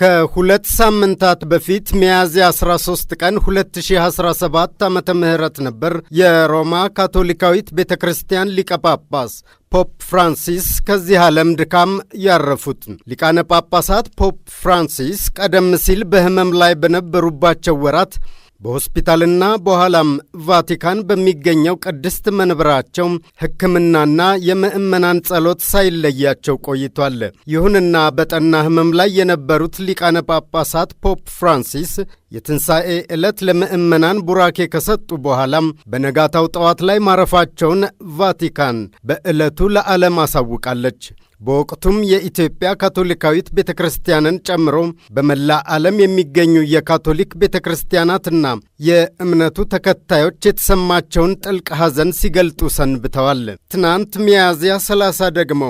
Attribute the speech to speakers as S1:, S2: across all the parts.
S1: ከሁለት ሳምንታት በፊት ሚያዝያ 13 ቀን 2017 ዓ ም ነበር የሮማ ካቶሊካዊት ቤተ ክርስቲያን ሊቀ ጳጳስ ፖፕ ፍራንሲስ ከዚህ ዓለም ድካም ያረፉት። ሊቃነ ጳጳሳት ፖፕ ፍራንሲስ ቀደም ሲል በሕመም ላይ በነበሩባቸው ወራት በሆስፒታልና በኋላም ቫቲካን በሚገኘው ቅድስት መንበራቸው ሕክምናና የምዕመናን ጸሎት ሳይለያቸው ቆይቷል። ይሁንና በጠና ሕመም ላይ የነበሩት ሊቃነ ጳጳሳት ፖፕ ፍራንሲስ የትንሣኤ ዕለት ለምእመናን ቡራኬ ከሰጡ በኋላም በነጋታው ጠዋት ላይ ማረፋቸውን ቫቲካን በዕለቱ ለዓለም አሳውቃለች። በወቅቱም የኢትዮጵያ ካቶሊካዊት ቤተ ክርስቲያንን ጨምሮ በመላ ዓለም የሚገኙ የካቶሊክ ቤተ ክርስቲያናትና የእምነቱ ተከታዮች የተሰማቸውን ጥልቅ ሐዘን ሲገልጡ ሰንብተዋል። ትናንት ሚያዝያ 30 ደግሞ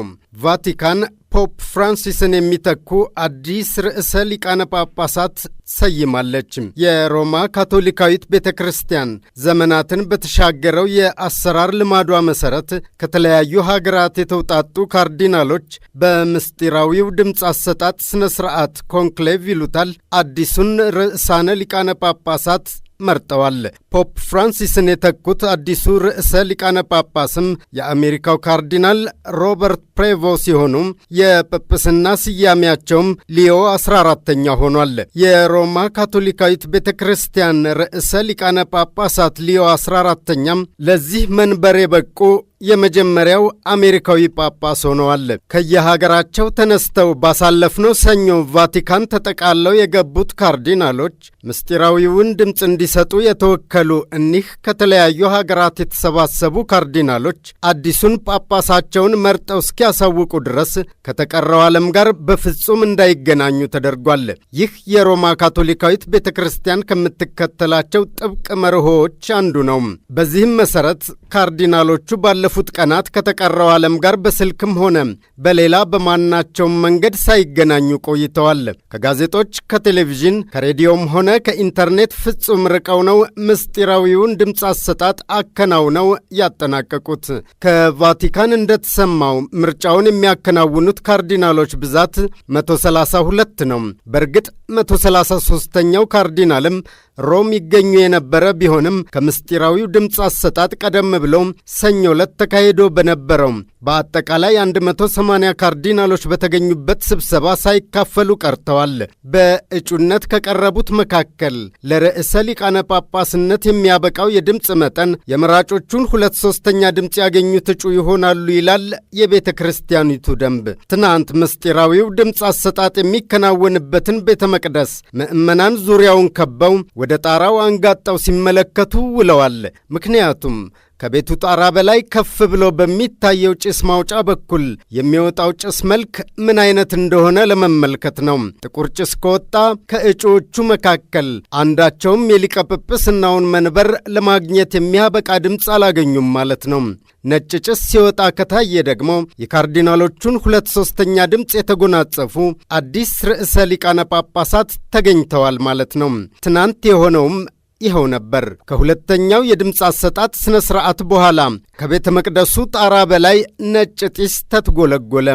S1: ቫቲካን ፖፕ ፍራንሲስን የሚተኩ አዲስ ርዕሰ ሊቃነ ጳጳሳት ሰይማለች። የሮማ ካቶሊካዊት ቤተ ክርስቲያን ዘመናትን በተሻገረው የአሰራር ልማዷ መሠረት ከተለያዩ ሀገራት የተውጣጡ ካርዲናሎች በምስጢራዊው ድምፅ አሰጣጥ ሥነ ሥርዓት ኮንክሌቭ ይሉታል አዲሱን ርዕሳነ ሊቃነ ጳጳሳት መርጠዋል። ፖፕ ፍራንሲስን የተኩት አዲሱ ርዕሰ ሊቃነ ጳጳስም የአሜሪካው ካርዲናል ሮበርት ፕሬቮ ሲሆኑ የጵጵስና ስያሜያቸውም ሊዮ 14ተኛ ሆኗል። የሮማ ካቶሊካዊት ቤተ ክርስቲያን ርዕሰ ሊቃነ ጳጳሳት ሊዮ 14ተኛም ለዚህ መንበር የበቁ የመጀመሪያው አሜሪካዊ ጳጳስ ሆነዋል። ከየሀገራቸው ተነስተው ባሳለፍነው ሰኞ ቫቲካን ተጠቃለው የገቡት ካርዲናሎች ምስጢራዊውን ድምፅ እንዲሰጡ የተወከሉ እኒህ ከተለያዩ ሀገራት የተሰባሰቡ ካርዲናሎች አዲሱን ጳጳሳቸውን መርጠው እስኪያሳውቁ ድረስ ከተቀረው ዓለም ጋር በፍጹም እንዳይገናኙ ተደርጓል። ይህ የሮማ ካቶሊካዊት ቤተ ክርስቲያን ከምትከተላቸው ጥብቅ መርሆዎች አንዱ ነው። በዚህም መሠረት ካርዲናሎቹ ባለ ባለፉት ቀናት ከተቀረው ዓለም ጋር በስልክም ሆነ በሌላ በማናቸውም መንገድ ሳይገናኙ ቆይተዋል። ከጋዜጦች፣ ከቴሌቪዥን፣ ከሬዲዮም ሆነ ከኢንተርኔት ፍጹም ርቀው ነው ምስጢራዊውን ድምፅ አሰጣጥ አከናውነው ያጠናቀቁት። ከቫቲካን እንደተሰማው ምርጫውን የሚያከናውኑት ካርዲናሎች ብዛት 132 ነው። በእርግጥ 133ኛው ካርዲናልም ሮም ይገኙ የነበረ ቢሆንም ከምስጢራዊው ድምፅ አሰጣጥ ቀደም ብሎ ሰኞ ዕለት ተካሂዶ በነበረው በአጠቃላይ 180 ካርዲናሎች በተገኙበት ስብሰባ ሳይካፈሉ ቀርተዋል። በእጩነት ከቀረቡት መካከል ለርዕሰ ሊቃነ ጳጳስነት የሚያበቃው የድምፅ መጠን የመራጮቹን ሁለት ሶስተኛ ድምፅ ያገኙት እጩ ይሆናሉ ይላል የቤተ ክርስቲያኒቱ ደንብ። ትናንት ምስጢራዊው ድምፅ አሰጣጥ የሚከናወንበትን ቤተ መቅደስ ምዕመናን ዙሪያውን ከበው ወደ ጣራው አንጋጠው ሲመለከቱ ውለዋል። ምክንያቱም ከቤቱ ጣራ በላይ ከፍ ብሎ በሚታየው ጭስ ማውጫ በኩል የሚወጣው ጭስ መልክ ምን አይነት እንደሆነ ለመመልከት ነው። ጥቁር ጭስ ከወጣ ከእጩዎቹ መካከል አንዳቸውም የሊቀ ጵጵስናውን መንበር ለማግኘት የሚያበቃ ድምፅ አላገኙም ማለት ነው። ነጭ ጭስ ሲወጣ ከታየ ደግሞ የካርዲናሎቹን ሁለት ሶስተኛ ድምፅ የተጎናጸፉ አዲስ ርዕሰ ሊቃነ ጳጳሳት ተገኝተዋል ማለት ነው። ትናንት የሆነውም ይኸው ነበር። ከሁለተኛው የድምፅ አሰጣጥ ሥነ ሥርዓት በኋላ ከቤተ መቅደሱ ጣራ በላይ ነጭ ጢስ ተትጎለጎለ።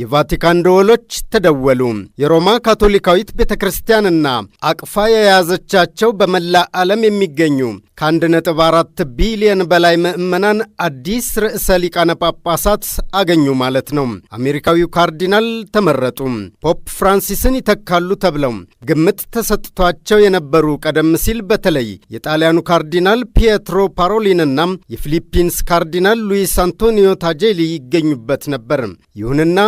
S1: የቫቲካን ደወሎች ተደወሉ። የሮማ ካቶሊካዊት ቤተ ክርስቲያንና አቅፋ የያዘቻቸው በመላ ዓለም የሚገኙ ከአንድ ነጥብ አራት ቢሊዮን በላይ ምዕመናን አዲስ ርዕሰ ሊቃነ ጳጳሳት አገኙ ማለት ነው። አሜሪካዊው ካርዲናል ተመረጡ። ፖፕ ፍራንሲስን ይተካሉ ተብለው ግምት ተሰጥቷቸው የነበሩ ቀደም ሲል በተለይ የጣሊያኑ ካርዲናል ፒየትሮ ፓሮሊንና የፊሊፒንስ ካርዲናል ሉዊስ አንቶኒዮ ታጄሊ ይገኙበት ነበር። ይሁንና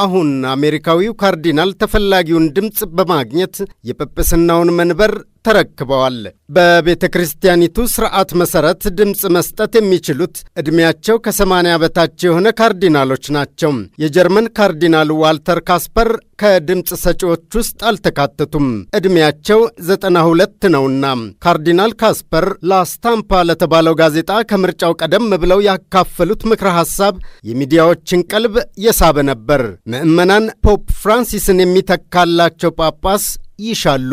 S1: አሁን አሜሪካዊው ካርዲናል ተፈላጊውን ድምፅ በማግኘት የጵጵስናውን መንበር ተረክበዋል። በቤተ ክርስቲያኒቱ ስርዓት መሰረት ድምፅ መስጠት የሚችሉት ዕድሜያቸው ከሰማንያ በታች የሆነ ካርዲናሎች ናቸው። የጀርመን ካርዲናል ዋልተር ካስፐር ከድምፅ ሰጪዎች ውስጥ አልተካተቱም፣ ዕድሜያቸው ዘጠና ሁለት ነውና። ካርዲናል ካስፐር ላስታምፓ ለተባለው ጋዜጣ ከምርጫው ቀደም ብለው ያካፈሉት ምክረ ሐሳብ የሚዲያዎችን ቀልብ የሳበ ነበር። ምዕመናን ፖፕ ፍራንሲስን የሚተካላቸው ጳጳስ ይሻሉ።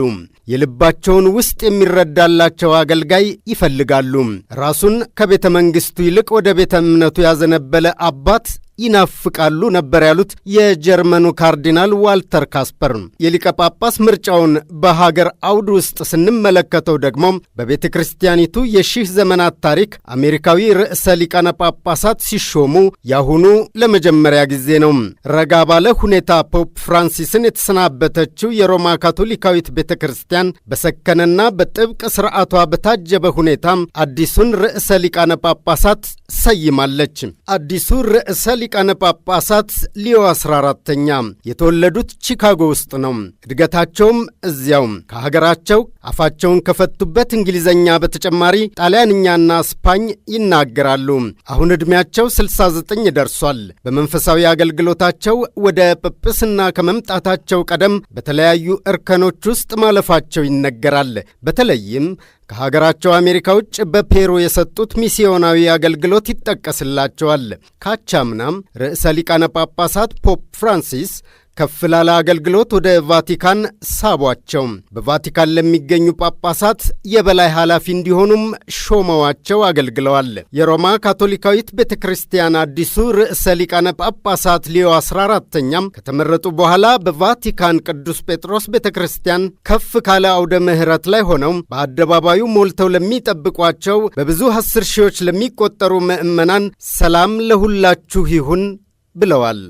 S1: የልባቸውን ውስጥ የሚረዳላቸው አገልጋይ ይፈልጋሉ። ራሱን ከቤተ መንግሥቱ ይልቅ ወደ ቤተ እምነቱ ያዘነበለ አባት ይናፍቃሉ ነበር ያሉት የጀርመኑ ካርዲናል ዋልተር ካስፐር። የሊቀ ጳጳስ ምርጫውን በሀገር አውድ ውስጥ ስንመለከተው ደግሞ በቤተ ክርስቲያኒቱ የሺህ ዘመናት ታሪክ አሜሪካዊ ርዕሰ ሊቃነ ጳጳሳት ሲሾሙ ያሁኑ ለመጀመሪያ ጊዜ ነው። ረጋ ባለ ሁኔታ ፖፕ ፍራንሲስን የተሰናበተችው የሮማ ካቶሊካዊት ቤተ ክርስቲያን በሰከነና በጥብቅ ስርዓቷ በታጀበ ሁኔታ አዲሱን ርዕሰ ሊቃነ ጳጳሳት ሰይማለች። አዲሱ ርዕሰ ሊቃነ ጳጳሳት ሊዮ 14ተኛ የተወለዱት ቺካጎ ውስጥ ነው። እድገታቸውም እዚያው ከሀገራቸው አፋቸውን ከፈቱበት እንግሊዘኛ በተጨማሪ ጣሊያንኛና ስፓኝ ይናገራሉ። አሁን ዕድሜያቸው 69 ደርሷል። በመንፈሳዊ አገልግሎታቸው ወደ ጵጵስና ከመምጣታቸው ቀደም በተለያዩ እርከኖች ውስጥ ማለፋቸው ይነገራል። በተለይም ከሀገራቸው አሜሪካ ውጭ በፔሩ የሰጡት ሚስዮናዊ አገልግሎት ይጠቀስላቸዋል። ካቻምናም ርዕሰ ሊቃነ ጳጳሳት ፖፕ ፍራንሲስ ከፍ ላለ አገልግሎት ወደ ቫቲካን ሳቧቸው። በቫቲካን ለሚገኙ ጳጳሳት የበላይ ኃላፊ እንዲሆኑም ሾመዋቸው አገልግለዋል። የሮማ ካቶሊካዊት ቤተ ክርስቲያን አዲሱ ርዕሰ ሊቃነ ጳጳሳት ሊዮ 14ተኛም ከተመረጡ በኋላ በቫቲካን ቅዱስ ጴጥሮስ ቤተ ክርስቲያን ከፍ ካለ አውደ ምሕረት ላይ ሆነው በአደባባዩ ሞልተው ለሚጠብቋቸው በብዙ አስር ሺዎች ለሚቆጠሩ ምዕመናን ሰላም ለሁላችሁ ይሁን ብለዋል።